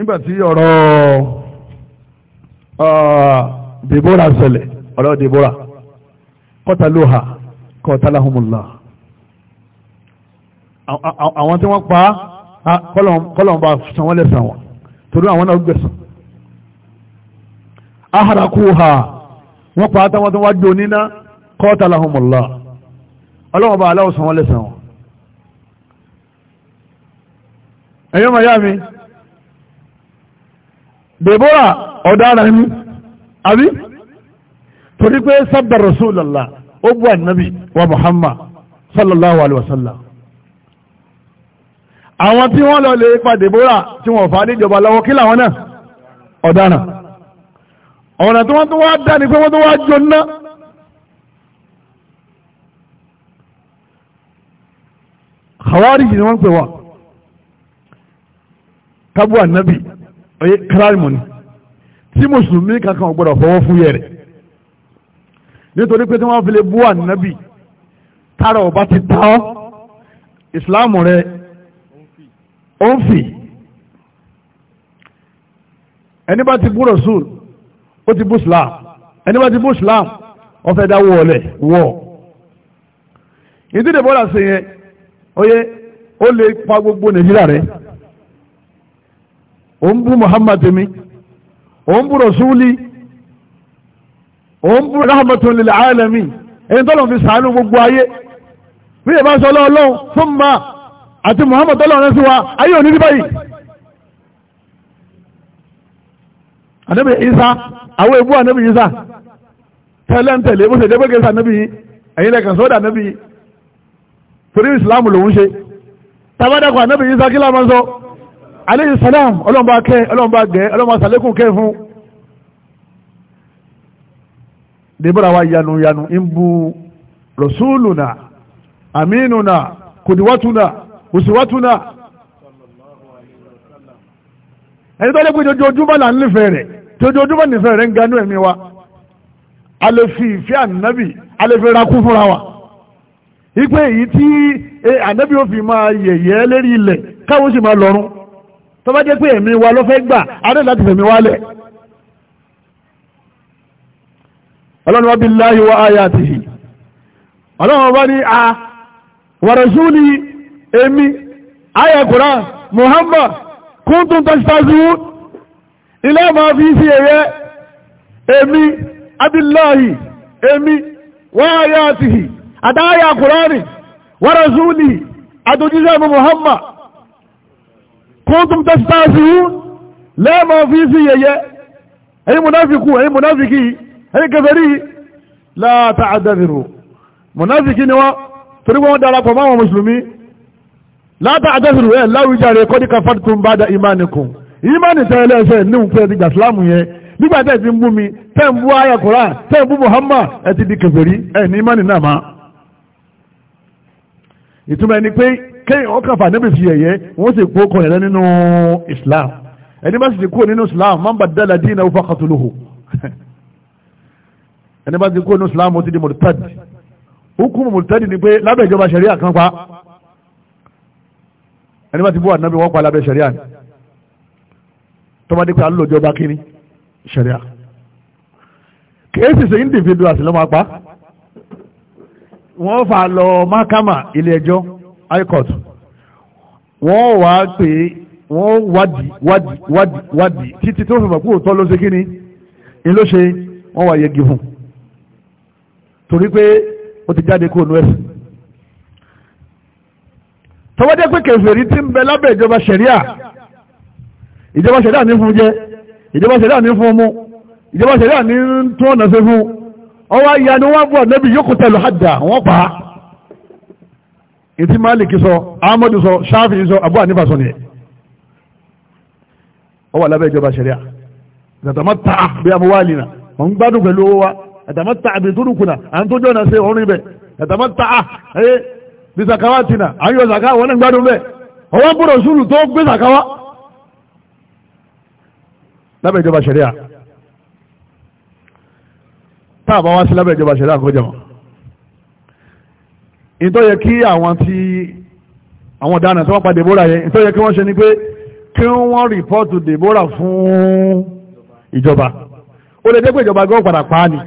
nígbà tí ọ̀rọ̀ Deborah ṣẹlẹ̀ ọ̀rọ̀ Deborah kọ́tàlóhà kọ́tàláhùnmùlá àwọn tí wọ́n pa kọ́lọ̀mbà san wọ́n lẹ́sàn wọn torí àwọn náà gbẹ̀sàn ahàràkú ha wọ́n pa táwọn tó wá jò níná kọ́tàláhùnmùlá ọlọ́wọ́n bá aláwọ̀ san wọ́n lẹ́sàn wọn ẹ̀yọ́ màyá mi Deborah ọ̀daràn ni àbí torí pé sábà Rasulullah ó bú ànábì wa Muhammad sallallahu alaihi wasallam àwọn tí wọ́n lọ lè pa Deborah tí wọ́n fà á níjọba lọ́wọ́ kí làwọn náà ọ̀daràn ọ̀nà tí wọ́n tó wá dá ni pé wọ́n tó wá jóná Khawarij ni wọ́n pè wá kábù ànábì oye kíráìmù ni tí mùsùlùmí kankan ò gbọdọ̀ fọwọ́ fún yẹrẹ nítorí pé tí wọ́n fi lè bú ànábì tára ọba ti ta ọ́ ìsìláàmù rẹ ó ń fì ẹni bá ti bú rasul ó ti bú islam ẹni bá ti bú islam ó fẹ́ dá wọlé wọ ìdílé bọ́lá sí yẹn oye ó lè pa gbogbo nàìjíríà rẹ ó ń bú muhammad mi ó ń bú rasuli ó ń bú rahmatun lil alamin ẹni tọ́lọ̀ fi sàánú gbogbo ayé bí ìbá sọ lọ́ọ̀lọ́hun fún ma àti muhammad tọ́lọ̀ rẹ̀ sí wa ayé òní rí báyìí ànábì isa àwọn ebú ànábì isa tẹ́lẹ̀ntẹ̀lẹ̀ bó ṣe jẹ́ pẹ́kẹ́ sànábì ẹ̀yìn lẹ́kàn sọ́dà ànábì torí ìsìlámù lòun ṣe tabadakọ̀ ànábì isa kí lámọ́ sọ aleyhi salam ọlọ́mbà kẹ́ ọlọ́mbà gẹ́ ọlọ́mbà sàlékùn kẹ́ fún Deborah wa yanu yanu imbu bu rasuluna aminuna kudiwatuna usiwatuna ẹni tó lẹ́gbẹ̀ẹ́ ojoojúmọ́ là ń nífẹ̀ẹ́ rẹ̀ tí ojoojúmọ́ nífẹ̀ẹ́ rẹ̀ ń ganú ẹ̀mí wa a fi anabi ànábì a lè fi rakú fúnra wa ipe èyí tí eh, fi máa yẹ̀yẹ́ lérí ilẹ̀ káwọn sì máa lọ́rùn tó bá jẹ́ pé ẹ̀mí wa ló fẹ́ gbà adé láti fẹ̀mí wálẹ̀ ọlọ́run wa billahi wa ayatihi ọlọ́run wa ní a wa rasuli èmi ayà Qur'an Muhammad kuntum tastahzi'un ilé ma fi sí ẹ̀yẹ èmi abillahi èmi wa ayatihi àdáyà Qur'an wa rasuli àtòjíṣẹ́ Muhammad kúntùm tẹ́sítàṣìhún lẹ́ẹ̀mọ́ fi sí yẹyẹ ẹ̀yin mùnáfikù ẹ̀yin mùnáfikì ẹ̀yin kẹfẹ́rí láta àdẹ́bìrù mùnáfikì ni wọ́n torí wọ́n darapọ̀ máwọn mùsùlùmí láta àdẹ́bìrù ẹ̀ láwùjáre kọ́ ní kafartum bada ìmánikùn ìmánì tẹ́lẹ̀ ẹ̀ṣẹ̀ ní òun fẹ́ẹ́ ti gbà sílámù yẹn nígbà tẹ́ ti ń bú mi tẹ́ ń bú ayà kọ́ra tẹ́ ń bú Muhammad ẹ ti di kẹfẹ́rí ẹ̀ ní ìmánì náà má ìtumọ̀ ẹni pé kéèyàn ọkàn fà níbi fi yẹ̀yẹ́ wọ́n sì kó kan yẹ̀rẹ́ nínú Islam ẹni bá sì ti kúrò nínú Islam máa ń bá dára dínà ó faqatuluhu ẹni bá ti kúrò nínú Islam ó ti di mọ̀lítàdì hukumu mọ̀lítàdì ni pé lábẹ́ ìjọba ṣẹ̀ríà kan pa ẹni bá ti bú ànábì wọ́n pa lábẹ́ ṣẹ̀ríà ni tọ́mọdé pé alójọba kíní ṣẹ̀ríà kèésì sèyí ń dìfẹ́ dùn apá wọ́n fà lọ mákàmà ilé ẹjọ́ high court wọ́n wá pé wọ́n wádìí wádìí wádìí wádìí títí tó fìmọ̀ kúrò tọ́ ló ṣe kíni ni ló ṣe wọ́n wá yẹgi fún torí pé ó ti jáde kúrò nú ẹ̀sìn tọ́wọ́dẹ́ pé kèfèrí tí ń bẹ lábẹ́ ìjọba ṣẹ̀ríà ìjọba ṣẹ̀ríà ní fún jẹ ìjọba ṣẹ̀ríà ní fún mú ìjọba ṣẹ̀ríà ní tún ọ̀nà ṣe fún ọwọ́ ìyanu wọn bọ̀ níbi yókù tẹ̀lú wọ́n pa á ìtí maliki sọ Ahmadu sọ Shafi sọ Abu Hanifa sọ nìyẹn ó wà lábẹ́ ìjọba ṣẹ̀ríà nàtàmátà bí amúwálìnà wọ́n ń gbádùn pẹ̀lú owó wa nàtàmátà bí túrùkùnà à ń tó jọ́nà sí orin bẹ̀ nàtàmátà ẹ bí sàkáwátìnà à ń yọ sàkáwà wọ́n ń gbádùn bẹ̀ ọwọ́ gbọ́dọ̀ sùúrù tó gbé sàkáwà lábẹ́ ìjọba ṣẹ̀ríà táàbà wá sí lábẹ́ ìjọba ṣẹ̀ríà kọjá wọn ìtọ́ yẹ kí àwọn tí àwọn ọ̀daràn tó wọ́n pa Deborah yẹn ìtọ́ yẹ kí wọ́n ṣe ni pé kí wọ́n rìpọ́ọ̀tù Deborah fún ìjọba ó lè dé pé ìjọba gbọ́ padà pa á ni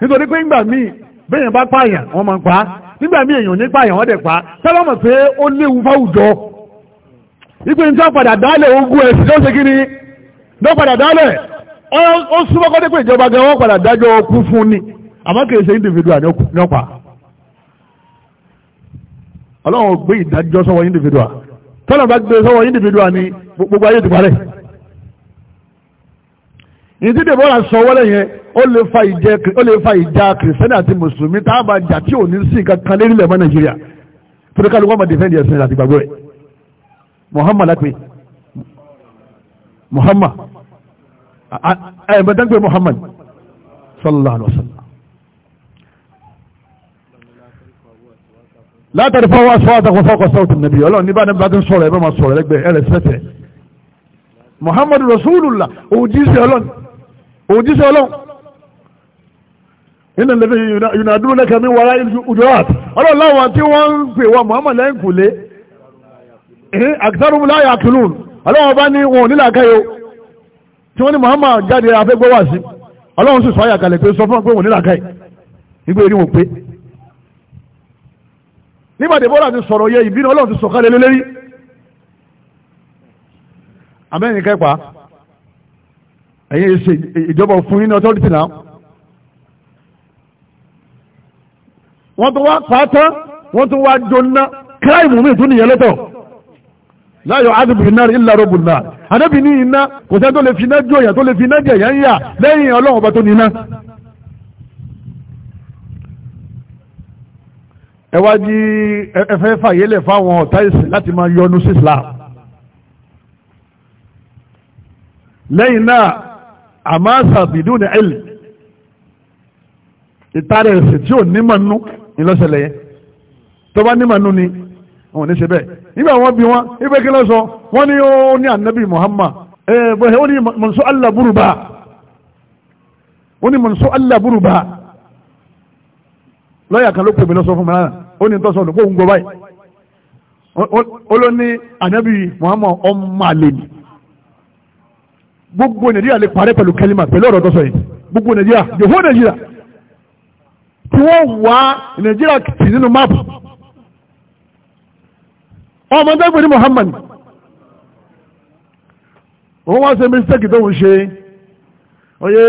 nítorí pé nígbà míì béèyàn bá pààyàn wọ́n máa ń pa á nígbà míì èèyàn ní pààyàn wọ́n dẹ̀ pa á sábàmọ̀ pé ó léwu fáwùjọ ipe ní tó padà dálẹ̀ ogún ẹ̀sìn ló ṣe kí ló padà dálẹ̀ ó súnmọ́ kọ́ dé ìjọba gan wọ́n padà dájọ́ ọkú fún ni àmọ́ kì í ṣe individual ní ọ̀pá ọlọ́run gbé ìdájọ́ sọ́wọ́ individual tọ́lá bá gbé sọ́wọ́ individual ni gbogbo ayé ti parẹ́ ìdí dèbọ́ra sọ wọlé yẹn ó lè fa ìjẹ ó lè fa ìjà kìrìsìtẹ́nì àti mùsùlùmí tá a bá jà tí ò ní sí nǹkan kan lérí lẹ̀ mọ́ nàìjíríà torí kálukú ọmọ dìfẹ́ǹdì ẹ̀sìn àti gbàgbọ́ rẹ̀ muhammad lápẹ́ muhammad ẹ̀ẹ́dẹ́gbẹ́ muhammad sallallahu alaihi wa sallam. látàrí fọwọ́ aṣọ́wọ́tàkùn fọ́kọ̀ sọ́ọ̀tún nàbí ọlọ́run ní bá ní bá ti ń sọ̀rọ̀ ẹ bá máa sọ̀rọ̀ ẹgbẹ́ ẹ rẹ̀sẹ̀tẹ̀ muhammadu rasulullah òjíṣẹ́ ọlọ́run òjíṣẹ́ ọlọ́run nínú lẹ́bí yunadúró lẹ́kẹ̀ẹ́ mi wàrà ujọ́rat ọlọ́run láwọn tí wọ́n ń pè wọ́n muhammadu lẹ́yìn kù lé ẹ̀hìn àkísàrùmù láyà àkìlùn ọlọ́run bá ní wọn ò nílà káyọ tí wọ́n ní muhammadu jáde afẹ́gbọ́wà sí ọlọ́run sì sọ àyàkálẹ̀ pé sọ fún ọ pé wọn ò nílà káyọ nígbà èrí wọn pé nígbà Dèbórà ti sọ̀rọ̀ yẹ ìbínú ọlọ́run ti sọ̀kalẹ̀ lé lérí amẹ́yìn kẹpa ẹ̀yìn èsì ìjọba fún yín ní ọtọ́rìtì náà wọ́n tó wá pátá wọ́n tó wá jóná kíráìmù mi tún nìyẹn lọ́tọ̀ láyọ̀ adìbìrì náà illa rabbun náà anábì ní iná kò sẹ́ tó lè fi iná jó yẹn tó lè fi iná jẹ̀yẹ́ ń yà lẹ́yìn ọlọ́run ọba tó ní iná ẹwájí ẹfẹ́ fàyẹ́lẹ̀ fáwọn ọ̀tá ìsìn láti máa yọnu sí Islam lẹ́yìn náà àmáṣà bìdú ní ẹ̀lì ìtàrẹ̀ ẹ̀sìn tí ò nímọ̀ nú ìlọ́sẹ̀lẹ̀ yẹn tó bá nímọ̀ nú ni wọn ní ṣe bẹ́ẹ̀ nígbà wọn bí wọn ibẹ̀ kí ló sọ wọn ní ó ní ànábì Muhammad ẹ̀ bọ̀hẹ́ ó ní mọ̀nsó aláburúbá ó ní mọ̀nsó aláburúbá lọ́yà kan ló pè mí lọ́sọ fún mi náà ó ní tọ́sọ̀nù kó ń gbọ́ báyìí ó ló ní ànábì Muhammad ọmọ àlè ni gbogbo nàìjíríà lè parẹ́ pẹ̀lú kẹlímà pẹ̀lú ọ̀rọ̀ tọ́sọ̀ yìí gbogbo nàìjíríà yòówó nàìjíríà tí wọ́n wá nàìjíríà tì nínú máàpù ọmọ dẹ́gbẹ̀ẹ́ ní Muhammad òun wá ṣe mistake tó ń ṣe oye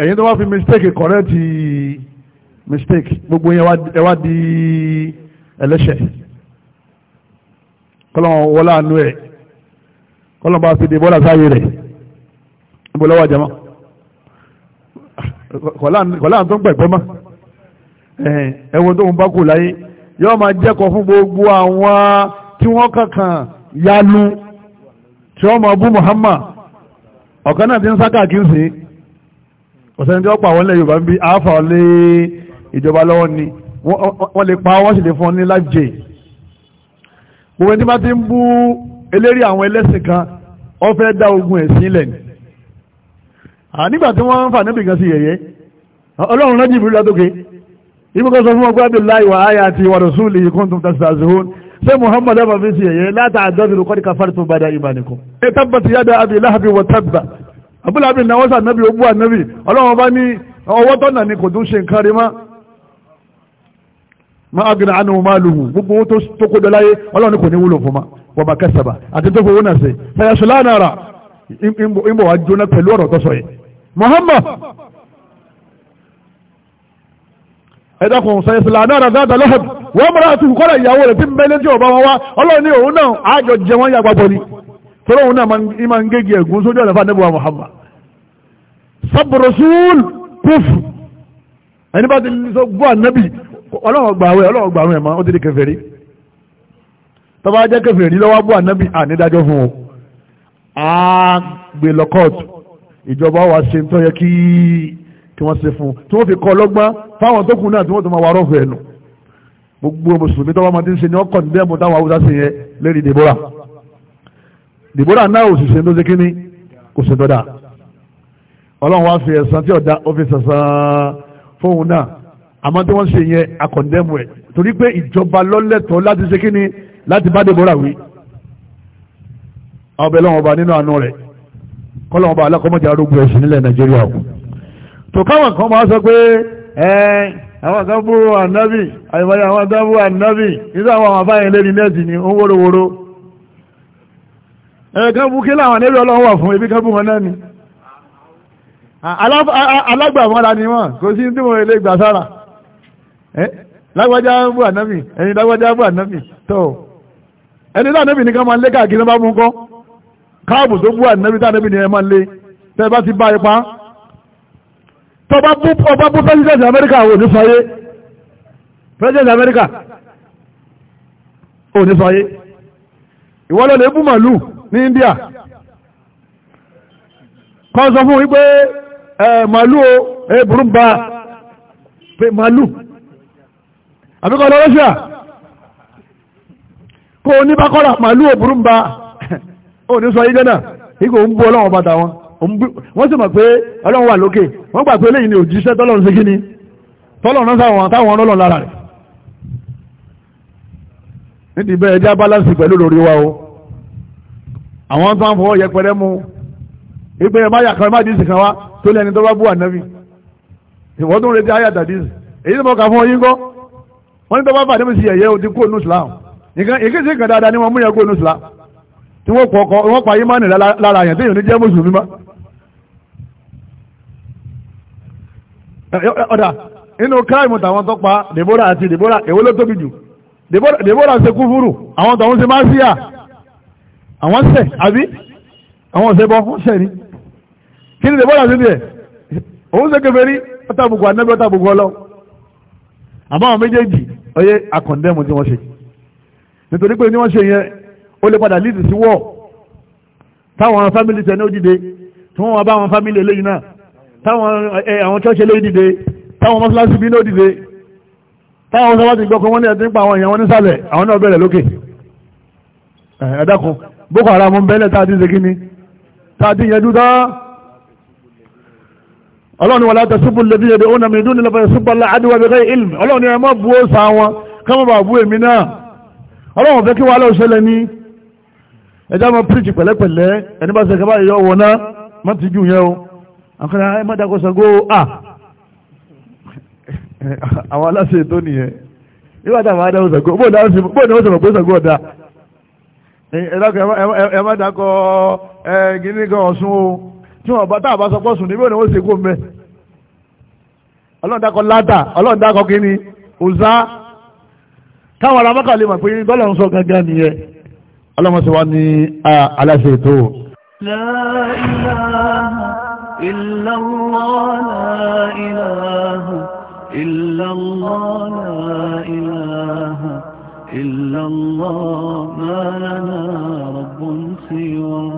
ẹ̀yin tó wá fi mistake correct yìí mistake gbogbo yẹn ẹ wá di ẹlẹ́ṣẹ̀ kọ́lọ́n wọlé àánú ẹ̀ kọ́lọ́n bá fi di bọ́lá sáyé rẹ̀ níbo lọ́wọ́ jẹ́mọ́ kọ́lá tó ń gbẹ̀gbẹ́ mọ́ ẹ̀wọ̀n tó ń bá kù láyé yọ́ máa jẹ́kọ̀ọ́ fún gbogbo àwọn tí wọ́n kankan yalu tí wọ́n máa bú Muhammad ọ̀kan náà ti ń sá káàkiri sí ọ̀sẹ̀ ní ọ̀pọ̀ àwọn ilẹ̀ Yorùbá ń bí àáfà lé ìjọba lọ́wọ́ ni wọ́n lè pa wọ́n sì lè fún ọ ní life jail gbogbo ẹni bá ti ń bú eléré àwọn ẹlẹ́sìn kan ó fẹ́ dá ogun ẹ̀sìn lẹ̀ ni nígbà tí wọ́n ń fà níbi kan sí yẹ̀yẹ́ ọlọ́run lọ́jì ìbúrú látòkè ibi kan sọ fún ọgbẹ́ abdullahi wa aya àti wa rasuli kuntum tastahzi'un ṣé muhammad ọba fi sí yẹ̀yẹ́ láta àdọ́bìrì kọ́ni kafar tó bá dá imanikum ẹ tabbat yada abi lahabi wa tabba abúlé abdullahi náwó sànábì ó bú ànábì ọlọ́run bá ní ọwọ́ tọ́nà ni kò tún ṣe nǹkan rí mọ́ ma agina anu maluhu gbogbo owó tó kó dọ́láyé ọlọ́run kò ní wúlò fún ma wọ́n bá kẹsàbà àti tó fowó náà ṣe sayasula nara ń bọ̀ wá jóná pẹ̀lú ọ̀rọ̀ tó sọ Muhammad ẹ dákun sayasula nara dáadáa lọ́hùn wọ́n mọ̀ra àti kọ́lá ìyàwó rẹ̀ tí ń bẹ́lẹ́ tí ọba wọn wá ọlọ́run ní òun náà àjọ jẹ wọn yàgbá bọ́ ni tọ́lọ́ òun náà máa ń gégé ẹ̀gún sójú ọ̀nà fún Muhammad sabu rasul kúfù ẹni bá ti sọ gbọ́ ànábì ọlọ́wọ́ gbà wẹ́ ọlọ́wọ́ gbà wẹ́ mọ́ ó ti di kèfèrí tọ́ba jẹ́ kèfèrí lọ́wọ́ bú ànábì ànídájọ́ fún o á gbé ìjọba wa ṣe tó yẹ kí kí wọ́n ṣe fún un tí wọ́n fi kọ́ ọlọ́gbọ́n fáwọn tó kù náà tí wọ́n tó máa wà rọ́ọ̀fù ẹ̀nu gbogbo mùsùlùmí tọ́ba máa ti ń ṣe ni ọkọ̀ níbẹ̀ mú táwọn haúsá ṣe yẹn dìbòrà dìbòrà náà òṣìṣẹ́ tó ṣe kíní kò ṣe tó ọlọ́run wá fi ẹ̀sán tí ọ̀dà ó fi sàṣán fóun náà àmọ́ tí wọ́n ṣe yẹn akọ̀ndẹ́mù ẹ̀ torí pé ìjọba lọ́lẹ́tọ̀ọ́ láti ṣe kí ni láti bá Débórà wí àwọn ọbẹ̀ lọ́wọ́ ọba nínú àánú rẹ̀ kọ́lọ́wọ́ ọba alákọ̀ọ́mọ́jà arógbó ẹ̀sìn nílẹ̀ Nàìjíríà o tó káwọn kan máa sọ pé ẹ àwọn kan bú ànábì àyùmáyé àwọn kan bú ànábì nígbà àwọn àwọn afáyẹn lé ní nẹ́ẹ̀sì ni ó ń wóróworó ẹ kan bú kí láwọn ànábì Ọlọ́run wà ni alágbàmọ́ra ni wọ́n kò sí ní tí mo lè gbà sára Eh? lágbájá bú ànábì ẹni lágbájá bú ànábì tó ẹni láànábì ní ká máa lé káàkiri bá mú kọ́ káàbù tó bú ànábì táànábì ní ẹ máa lé tẹ́ bá ti bá ipa tó bá bú ọba bú pẹ́sidẹ̀ntì amẹ́ríkà ò ní fàyè pẹ́sidẹ̀ntì amẹ́ríkà ò ní fàyè ìwọ́lẹ̀ lè bú màlú ní India kọ́ wípé eh, màlú o èbùrú eh, ń pé màlú àbíkọ́ lọ Russia kó o ní bákọ́lá màálù òbúrú ń ba ó ní sọ ayéjẹ́ náà ikú ń bú ọlọ́run bàtà wọn wọ́n sì mọ̀ pé ọlọ́run wà lókè wọ́n gbà pé lẹ́yìn ni òjíṣẹ́ tọ́lọ́run ṣe kíni tọ́lọ́run náà sáwọn táwọn ọlọ́run lára rẹ̀ nídìí bẹ́ẹ̀ ẹjá bálánsì pẹ̀lú lórí wa o àwọn tó ń fọwọ́ yẹpẹrẹ mú ìpè ẹ̀ má yà kan má dìísì kan wá tó lẹ́ni tó bá bú ànábì ìwọ́n wọ́n ní tọ́ bá bá àdébùsí ẹ̀yẹ́ o ti kó onú islam èké sí nǹkan dáadáa ni wọ́n mú yẹn kó onú islam tí wọ́n kọ̀ ọkọ̀ wọ́n pa ayé máa nìlá lára yẹn téèyàn ní jẹ́ mùsùlùmí má. ọ̀dà inú kíláìmù tàwọn tó pa Deborah àti Deborah èwo ló tóbi jù Deborah ṣe kúfúrù àwọn tọ̀hún ṣe máa ń síyà àwọn ṣẹ̀ àbí àwọn ọ̀sẹ̀ bọ́ wọ́n ṣẹ̀ ni kí ni Deborah ṣe tiẹ̀ òun ṣe kèfèrí ọ̀tàbùkù ànábì ọ̀tàbùkù ọlọ́ àbáwọn méjèèjì ọyẹ akọ̀ndẹ́mù tí wọ́n ṣe nítorí pé ní wọ́n ṣe yẹn ó lè padà lídì sí wọ́ táwọn fámìlì tẹ̀ ní ó dìde tí wọ́n wá bá àwọn fámìlì eléyìí náà táwọn àwọn church eléyìí dìde táwọn mọ́ṣáláṣí bí ní ó dìde táwọn ọ̀sán láti gbọ́kọ̀ wọ́n ní ẹ̀tí nípa àwọn èèyàn wọn nísàlẹ̀ àwọn náà bẹ̀rẹ̀ lókè ẹ̀ẹ́dẹ́kun Boko Haram bẹ́lẹ̀ tá a ti ṣe kí ni tá a ti yẹn dúdá ọlọ́run ni wọ́n látà síbù lẹ́bí ẹ̀dẹ̀ ó nàmì ìdúnnì lọ́fẹ́ síbọ́lá àdíwá bẹ̀rẹ̀ ilmi ọlọ́run ni ẹmọ́ bú ó sa wọn kọ́mọ̀bà bú èmi náà ọlọ́run fẹ́ kí wọ́n alẹ́ òṣèlẹ̀ ní ẹjá mọ́ píríkì pẹ̀lẹ́pẹ̀lẹ́ ẹni bá sẹ́kẹ́ báyìí yọ wọ̀ná má ti jù yẹn o àkàrà ẹ má dàkọ Ṣàngó à àwọn aláṣẹ ètò nìyẹn nígbà táwọn adáwọ̀ Ṣàngó bóun náà ṣe mọ̀ pé tí wọ́n bá táàbá sọ pọ́sùn níbí òní wọ́n ṣe kó mẹ́ ọlọ́run dákọ̀ látà kíní òzá káwọn ará mọ́kà lè mọ̀ pé bọ́lá ń sọ gángan nìyẹn ọlọ́run sì wá ní aláṣẹ ètò. La ilaha illallah, la ilaha illallah, la